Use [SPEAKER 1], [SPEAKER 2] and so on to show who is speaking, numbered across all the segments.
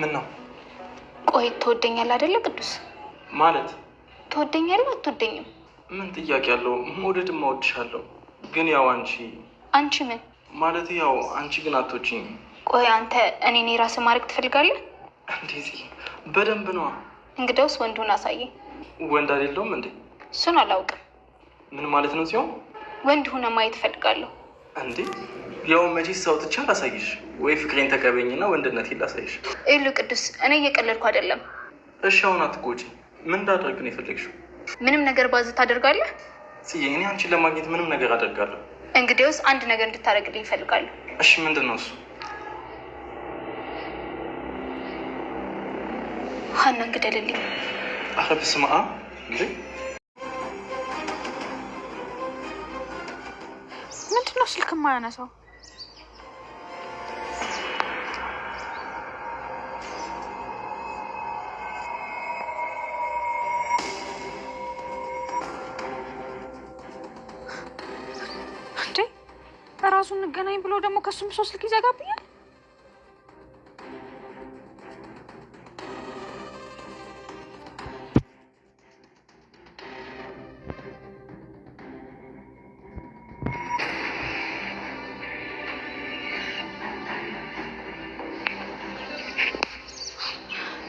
[SPEAKER 1] ምን ነው?
[SPEAKER 2] ቆይ ትወደኛለህ አይደለ? ቅዱስ ማለት ትወደኛለህ አትወደኝም?
[SPEAKER 1] ምን ጥያቄ አለው? መውደድም እወድሻለሁ፣ ግን ያው አንቺ አንቺ ምን ማለት ያው አንቺ ግን አትወጪኝ።
[SPEAKER 2] ቆይ አንተ እኔን የራስህ ማድረግ ትፈልጋለህ?
[SPEAKER 1] እንደዚህ በደንብ ነዋ።
[SPEAKER 2] እንግዳውስ ወንዱን አሳየ
[SPEAKER 1] ወንድ አይደለሁም እንዴ?
[SPEAKER 2] እሱን አላውቅም።
[SPEAKER 1] ምን ማለት ነው? ሲሆን
[SPEAKER 2] ወንድ ሆነ ማየት እፈልጋለሁ።
[SPEAKER 1] እንዴ ያው መቼ ሰው ትቻ አላሳይሽ ወይ ፍቅሬን ተቀበኝና ወንድነት ላሳይሽ።
[SPEAKER 2] ይሉ ቅዱስ፣ እኔ እየቀለድኩ አይደለም።
[SPEAKER 1] እሺ አሁን አትጎጂ። ምን እንዳደርግ ነው የፈለግሽው?
[SPEAKER 2] ምንም ነገር ባዝ ታደርጋለህ?
[SPEAKER 1] ጽዬ፣ እኔ አንቺን ለማግኘት ምንም ነገር አደርጋለሁ።
[SPEAKER 2] እንግዲያውስ አንድ ነገር እንድታደርግልኝ ይፈልጋሉ።
[SPEAKER 1] እሺ ምንድን ነው እሱ?
[SPEAKER 2] ሀና እንግደልልኝ።
[SPEAKER 1] ኧረ በስመ አብ እንዴ!
[SPEAKER 2] ምንድን ነው ስልክ የማያነሳው? እራሱ እንገናኝ ብሎ ደግሞ ከሱም ሰው ስልክ ይዘጋብኛል።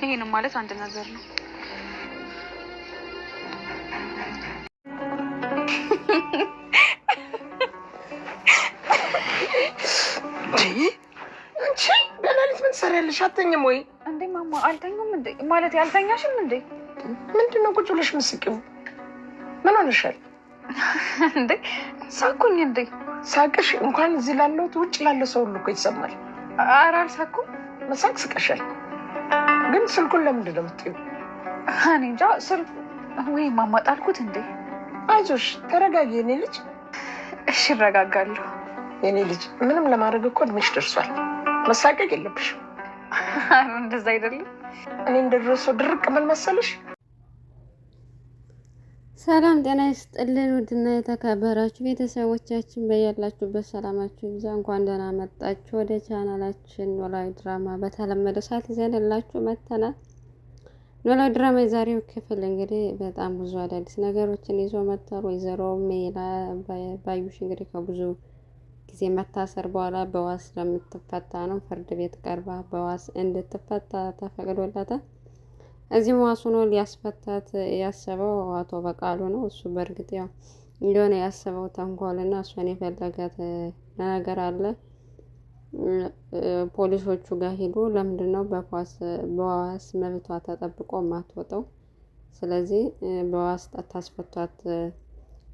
[SPEAKER 2] ይሄንም ማለት አንድ ነገር ነው። አትተኝም ወይ እንዴ? ማማ አልተኙም እንዴ? ማለት አልተኛሽም እንዴ?
[SPEAKER 3] ምንድን ነው ቁጭ ብለሽ ምስቅም? ምን ሆነሻል
[SPEAKER 2] እንዴ? ሳኩኝ እንዴ?
[SPEAKER 3] ሳቅሽ እንኳን እዚህ ላለሁት ውጭ ላለው ሰው ሁሉ እኮ ይሰማል።
[SPEAKER 2] ኧረ አልሳኩም።
[SPEAKER 3] መሳቅ ስቀሻል። ግን ስልኩን ለምንድን ነው የምትይው?
[SPEAKER 2] እኔ እንጃ ስልኩ ወይ ማማ ጣልኩት እንዴ?
[SPEAKER 3] አይዞሽ ተረጋጊ የኔ ልጅ።
[SPEAKER 2] እሺ እረጋጋለሁ
[SPEAKER 3] የኔ ልጅ። ምንም ለማድረግ እኮ እድሜሽ ደርሷል። መሳቀቅ የለብሽም።
[SPEAKER 2] እንደዛ አይደለም።
[SPEAKER 3] እኔ እንደ ድሮ ሰው ድርቅ ምን መሰለሽ።
[SPEAKER 4] ሰላም ጤና ይስጥልን። ውድና የተከበራችሁ ቤተሰቦቻችን በያላችሁበት ሰላማችሁ ይብዛ። እንኳን ደህና መጣችሁ ወደ ቻናላችን ኖላዊ ድራማ በተለመደው ሰዓት ይዘንላችሁ መጥተናል። ኖላዊ ድራማ የዛሬው ክፍል እንግዲህ በጣም ብዙ አዳዲስ ነገሮችን ይዞ መጥቷል። ወይዘሮ ሜላ ባዩሽ እንግዲህ ከብዙ ጊዜ መታሰር በኋላ በዋስ ለምትፈታ ነው ፍርድ ቤት ቀርባ በዋስ እንድትፈታ ተፈቅዶላታል። እዚህም ዋስ ሆኖ ሊያስፈታት ያሰበው አቶ በቃሉ ነው። እሱ በእርግጥ ያው እንደሆነ ያሰበው ተንኮልና እሷን የፈለጋት ነገር አለ። ፖሊሶቹ ጋር ሄዶ ለምንድን ነው በዋስ መብቷ ተጠብቆ ማትወጠው? ስለዚህ በዋስ ታስፈቷት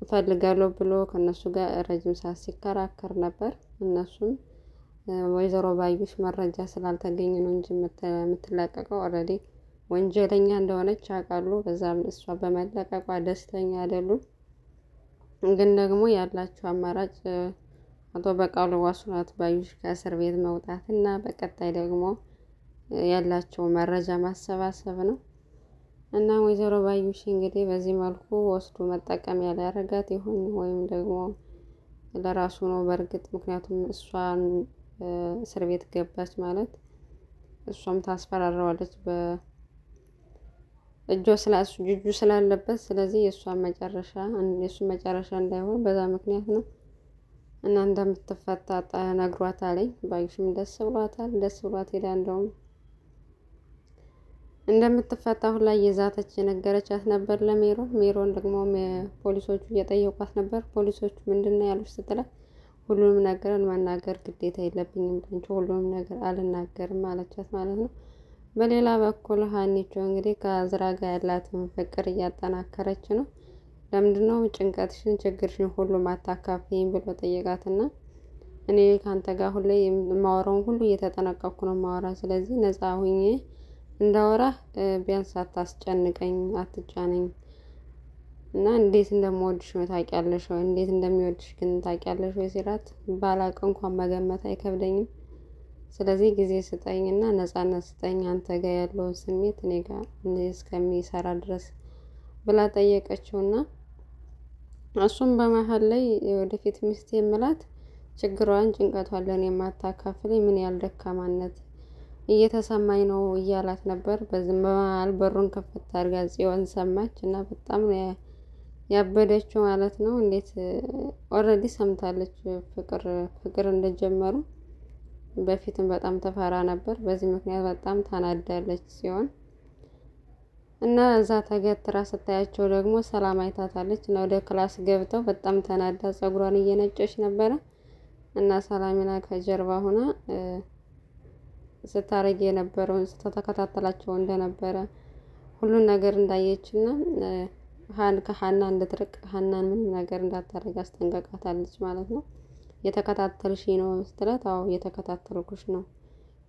[SPEAKER 4] እፈልጋለሁ ብሎ ከእነሱ ጋር ረጅም ሰዓት ሲከራከር ነበር። እነሱም ወይዘሮ ባዩሽ መረጃ ስላልተገኘ ነው እንጂ የምትለቀቀው ኦልሬዲ ወንጀለኛ እንደሆነች ያውቃሉ። በዛም እሷ በመለቀቋ ደስተኛ አይደሉም። ግን ደግሞ ያላቸው አማራጭ አቶ በቃሉ ዋሱናት ባዩሽ ከእስር ቤት መውጣት እና በቀጣይ ደግሞ ያላቸው መረጃ ማሰባሰብ ነው። እና ወይዘሮ ባዩሽ እንግዲህ በዚህ መልኩ ወስዶ መጠቀሚያ ሊያደርጋት ይሁን ወይም ደግሞ ለራሱ ነው። በእርግጥ ምክንያቱም እሷን እስር ቤት ገባች ማለት እሷም ታስፈራረዋለች በእጇ እጁ ስላለበት፣ ስለዚህ የእሷን መጨረሻ የእሱን መጨረሻ እንዳይሆን በዛ ምክንያት ነው እና እንደምትፈታ ነግሯታለኝ። ባዩሽም ደስ ብሏታል። ደስ ብሏት ሄዳ እንደውም እንደምትፈታ ሁላ እየዛተች የነገረቻት ነበር ለሜሮን። ሜሮን ደግሞ ፖሊሶቹ እየጠየቋት ነበር። ፖሊሶቹ ምንድን ነው ያሉት ስትላት ሁሉንም ነገር መናገር ግዴታ የለብኝም ብንች ሁሉንም ነገር አልናገርም አለቻት ማለት ነው። በሌላ በኩል ሀኒቾ እንግዲህ ከዝራ ጋር ያላትን ፍቅር እያጠናከረች ነው። ለምንድነው ጭንቀትሽን፣ ችግርሽን ሁሉም አታካፍይም ብሎ ጠየቃትና እኔ ከአንተ ጋር ሁሌ የማወራውን ሁሉ እየተጠነቀኩ ነው ማወራ ስለዚህ ነጻ ሁኜ እንዳወራህ ቢያንስ አታስጨንቀኝ አትጫነኝ። እና እንዴት እንደምወድሽ ነው ታውቂያለሽ ወይ እንዴት እንደሚወድሽ ግን ታውቂያለሽ ወይ ሲላት ባላቅ እንኳን መገመት አይከብደኝም። ስለዚህ ጊዜ ስጠኝ ስጠኝና ነጻነት ስጠኝ አንተ ጋር ያለውን ስሜት እኔ ጋር እስከሚሰራ ድረስ ብላ ጠየቀችው ጠየቀችውና እሱም በመሀል ላይ ወደፊት ሚስቴ የምላት ችግሯን ጭንቀቷን ለእኔ የማታካፍለኝ ምን ያህል ደካማነት እየተሰማኝ ነው እያላት ነበር። በዚህ መሃል በሩን ከፈት አድርጋ ጽዮን ሰማች እና በጣም ያበደችው ማለት ነው። እንዴት ኦልሬዲ ሰምታለች ፍቅር ፍቅር እንደጀመሩ በፊትም በጣም ተፈራ ነበር። በዚህ ምክንያት በጣም ታናዳለች ሲሆን እና እዛ ተገትራ ስታያቸው ደግሞ ሰላም አይታታለች እና ወደ ክላስ ገብተው በጣም ተናዳ ጸጉሯን እየነጨች ነበረ እና ሰላሚና ከጀርባ ሆና ስታረግ የነበረውን ስተተከታተላቸው እንደነበረ ሁሉን ነገር እንዳየችና ሀን ከሀና እንድትርቅ ሀናን ምንም ነገር እንዳታደርግ አስጠንቀቃታለች ማለት ነው። የተከታተልሽ ነው ስትላት፣ አዎ የተከታተልኩሽ ነው፣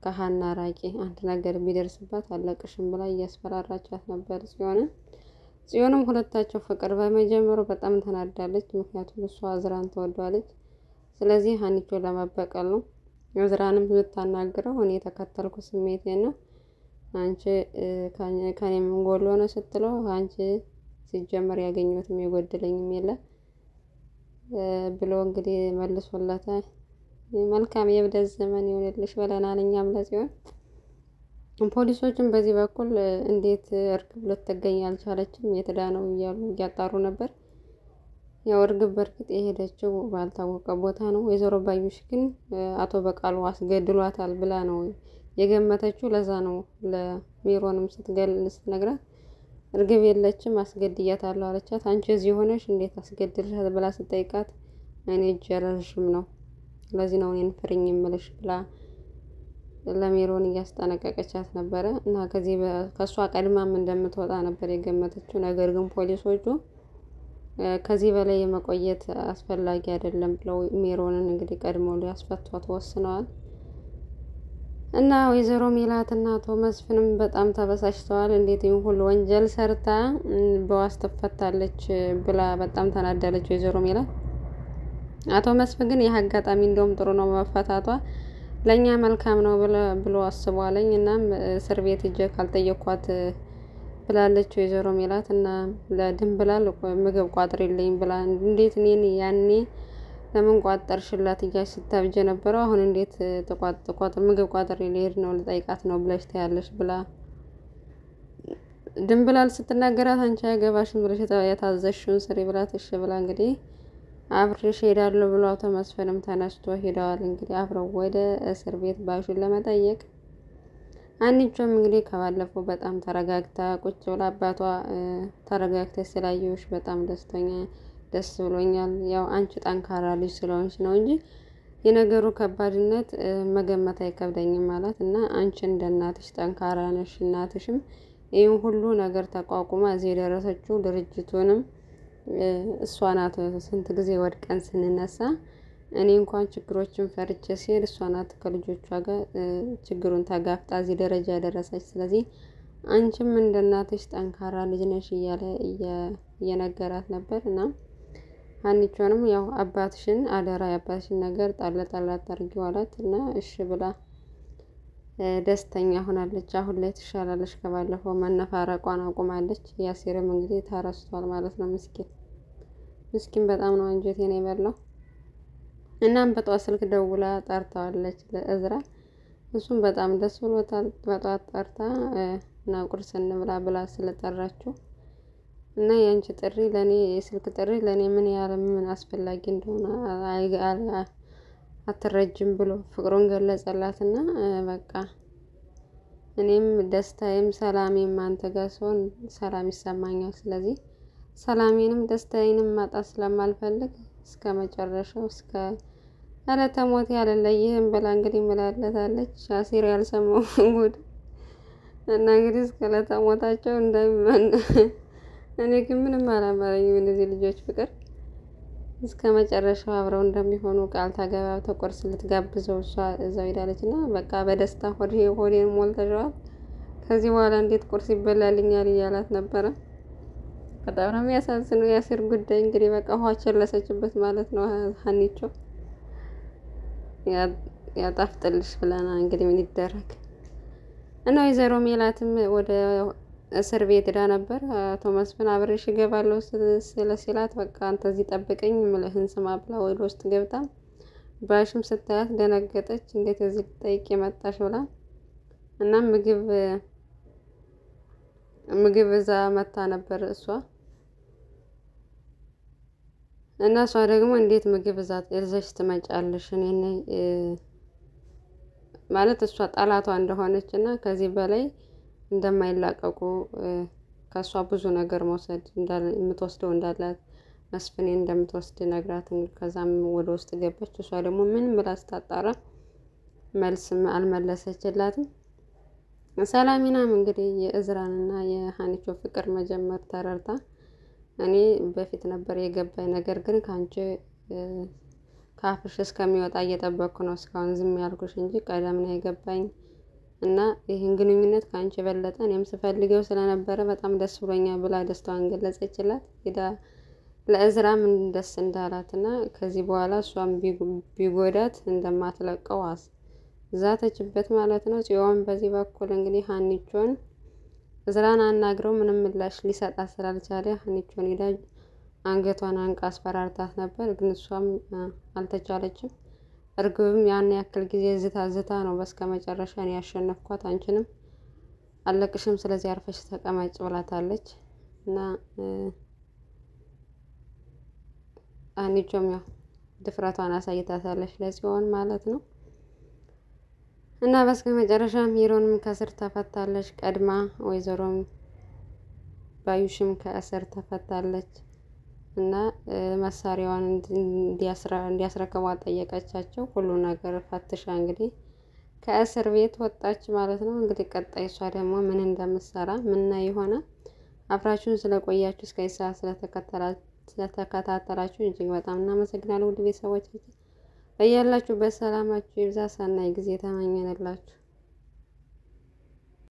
[SPEAKER 4] ከሀና ራቂ፣ አንድ ነገር ቢደርስባት አለቅሽም ብላ እያስፈራራቻት ነበር ጽዮንን። ጽዮንም ሁለታቸው ፍቅር በመጀመሩ በጣም ተናዳለች። ምክንያቱም እሷ አዝራን ትወዷለች። ስለዚህ ሀኒቾ ለመበቀል ነው እዝራንም ብታናግረው እኔ የተከተልኩ ስሜቴን ነው። አንቺ ከኔ ምን ጎሎ ነው ስትለው አንቺ ሲጀመር ያገኘሁትም የጎደለኝም የለ ብሎ እንግዲህ መልሶላታል። መልካም የብደት ዘመን ይሆንልሽ ብለናል እኛም ለጽዮን። ፖሊሶችም በዚህ በኩል እንዴት እርግብ ልትገኝ አልቻለችም የትዳ ነው እያሉ እያጣሩ ነበር። ያው እርግብ በእርግጥ የሄደችው ባልታወቀ ቦታ ነው። ወይዘሮ ባዩሽ ግን አቶ በቃሉ አስገድሏታል ብላ ነው የገመተችው። ለዛ ነው ለሚሮንም ስትገል ስትነግራት እርግብ የለችም አስገድያታለሁ አለቻት። አንቺ እዚህ ሆነሽ እንዴት አስገድልሻት ብላ ስጠይቃት እኔ እጅ ረዥም ነው ለዚህ ነው እኔን ፍርኝ የምልሽ ብላ ለሜሮን እያስጠነቀቀቻት ነበረ እና ከዚህ ከእሷ ቀድማም እንደምትወጣ ነበር የገመተችው። ነገር ግን ፖሊሶቹ ከዚህ በላይ የመቆየት አስፈላጊ አይደለም ብለው ሜሮንን እንግዲህ ቀድሞ ሊያስፈቷት ወስነዋል። እና ወይዘሮ ሜላት እና አቶ መስፍንም በጣም ተበሳጭተዋል። እንዴት ይህን ሁሉ ወንጀል ሰርታ በዋስ ትፈታለች ብላ በጣም ተናዳለች ወይዘሮ ሜላት። አቶ መስፍን ግን ይህ አጋጣሚ እንደውም ጥሩ ነው መፈታቷ ለእኛ መልካም ነው ብሎ አስቧለኝ። እናም እስር ቤት እጀ ካልጠየኳት ብላለች ወይዘሮ ሜላት እና ለድንብላል ምግብ ቋጥሪልኝ ብላ እንዴት እኔን ያኔ ለምን ቋጠርሽላት እያልሽ ስታብጀ ነበረው። አሁን እንዴት ምግብ ቋጥሪ ልሄድ ነው ልጠይቃት ነው ብለሽ ታያለሽ ብላ ድንብላል ስትናገራት አንቺ አይገባሽም ብለሽ የታዘሽውን ስሪ ብላት እሺ ብላ እንግዲህ አብሬሽ ሄዳለሁ ብሎ አቶ መስፍንም ተነስቶ ሄደዋል። እንግዲህ አብረው ወደ እስር ቤት ባሹን ለመጠየቅ አንቺም እንግዲህ ከባለፈው በጣም ተረጋግታ ቁጭ ብላ አባቷ ተረጋግታ ስላየሁሽ በጣም ደስተኛ ደስ ብሎኛል። ያው አንቺ ጠንካራ ልጅ ስለሆንሽ ነው እንጂ የነገሩ ከባድነት መገመት አይከብደኝም ማለት እና አንቺ እንደ እናትሽ ጠንካራ ነሽ። እናትሽም ይህን ሁሉ ነገር ተቋቁማ እዚህ የደረሰችው ድርጅቱንም እሷ ናት። ስንት ጊዜ ወድቀን ስንነሳ እኔ እንኳን ችግሮችን ፈርቼ ሲሄድ እሷ ናት ከልጆቿ ጋር ችግሩን ተጋፍጣ እዚህ ደረጃ ያደረሰች። ስለዚህ አንቺም እንደ እናትሽ ጠንካራ ልጅ ነሽ እያለ እየነገራት ነበር። እና ሀኒቿንም ያው አባትሽን አደራ የአባትሽን ነገር ጣለ ጣላ ታርጊዋላት እና እሺ ብላ ደስተኛ ሆናለች። አሁን ላይ ትሻላለች። ከባለፈው መነፋረቋን አቁማለች። ያሲርም እንግዲህ ተረስቷል ማለት ነው። ምስኪን ምስኪን በጣም ነው አንጀቴን የበላው። እናም በጠዋት ስልክ ደውላ ጠርታዋለች ለእዝራ እሱም በጣም ደስ ብሎታል። በጠዋት ጠርታ እና ቁርስ እንብላ ብላ ስለጠራችው እና የአንቺ ጥሪ ለእኔ የስልክ ጥሪ ለእኔ ምን ያህል ምን አስፈላጊ እንደሆነ አትረጅም ብሎ ፍቅሩን ገለጸላት እና በቃ እኔም ደስታዬም ሰላሜም አንተ ጋር ሲሆን ሰላም ይሰማኛል። ስለዚህ ሰላሜንም ደስታዬንም ማጣት ስለማልፈልግ እስከ መጨረሻው እስከ ዕለተ ሞት ያልለይህም ብላ እንግዲህ ምላለታለች። አሲር ያልሰማው ጉድ እና እንግዲህ እስከ ዕለተ ሞታቸው እንዳይመን። እኔ ግን ምንም አላማረኝም እነዚህ ልጆች ፍቅር እስከ መጨረሻው አብረው እንደሚሆኑ ቃል ተገባብተው ቁርስ ልትጋብዘው እሷ እዛው ሄዳለች እና በቃ በደስታ ሆዴ ሆዴን ሞልተሸዋል። ከዚህ በኋላ እንዴት ቁርስ ይበላልኛል እያላት ነበረ። በጣም ነው የሚያሳዝነው። የአሲር ጉዳይ እንግዲህ በቃ ውሃ ቸለሰችበት ማለት ነው። ሀኒቾ ያጣፍጥልሽ ብለና እንግዲህ ምን ይደረግ እና ወይዘሮ ሜላትም ወደ እስር ቤት ሄዳ ነበር። አቶ መስፍን አብሬሽ እገባለሁ ስለ ሲላት በቃ አንተ እዚህ ጠብቀኝ ምልህን ስማ ብላ ወደ ውስጥ ገብታ ባሽም ስታያት ደነገጠች። እንዴት እዚህ ልጠይቅ የመጣሽ ብላ እና ምግብ ምግብ እዛ መታ ነበር እሷ እና እሷ ደግሞ እንዴት ምግብ እዛ እርዘሽ ትመጫለሽ? እኔ ማለት እሷ ጠላቷ እንደሆነች እና ከዚህ በላይ እንደማይላቀቁ ከእሷ ብዙ ነገር መውሰድ የምትወስደው እንዳላት መስፍኔ እንደምትወስድ ነግራት፣ ከዛም ወደ ውስጥ ገባች። እሷ ደግሞ ምን ብላ ስታጣራ መልስ አልመለሰችላትም። ሰላሚናም እንግዲህ የእዝራንና የሀኒቾ ፍቅር መጀመር ተረርታ እኔ በፊት ነበር የገባኝ ነገር ግን ከአንቺ ከአፍሽ እስከሚወጣ እየጠበቅኩ ነው እስካሁን ዝም ያልኩሽ እንጂ ቀደም ነው የገባኝ እና ይህን ግንኙነት ከአንቺ የበለጠ እኔም ስፈልገው ስለነበረ በጣም ደስ ብሎኛል ብላ ደስታዋን ገለጸችላት። ሄዳ ለእዝራም ደስ እንዳላት እና ከዚህ በኋላ እሷም ቢጎዳት እንደማትለቀው ዛተችበት ማለት ነው። ጽዮን በዚህ በኩል እንግዲህ ሀኒቾን ዝራን አናግረው ምንም ምላሽ ሊሰጣት ስላልቻለ ሀኒቾን ሄዳ አንገቷን አንቃ አስፈራርታት ነበር፣ ግን እሷም አልተቻለችም። እርግብም ያን ያክል ጊዜ ዝታ ዝታ ነው በስከ መጨረሻ እኔ ያሸነፍኳት፣ አንቺንም አለቅሽም፣ ስለዚህ አርፈሽ ተቀማጭ ብላታለች። እና ሀኒቾም ያው ድፍረቷን አሳይታታለች ለጽዮን ማለት ነው። እና በስከ መጨረሻ ሚሮንም ከእስር ተፈታለች። ቀድማ ወይዘሮም ባዩሽም ከእስር ተፈታለች እና መሳሪያዋን እንዲያስረክቧ ጠየቀቻቸው። ሁሉ ነገር ፈትሻ እንግዲህ ከእስር ቤት ወጣች ማለት ነው። እንግዲህ ቀጣይ እሷ ደግሞ ምን እንደምትሰራ ምና የሆነ አብራችሁን ስለቆያችሁ እስከ ሰዓት ስለተከታተላችሁ እጅግ በጣም እናመሰግናለን ውድ ቤተሰቦቻችን። በያላችሁበት በሰላማችሁ ይብዛ። ሰናይ ጊዜ ተመኘንላችሁ።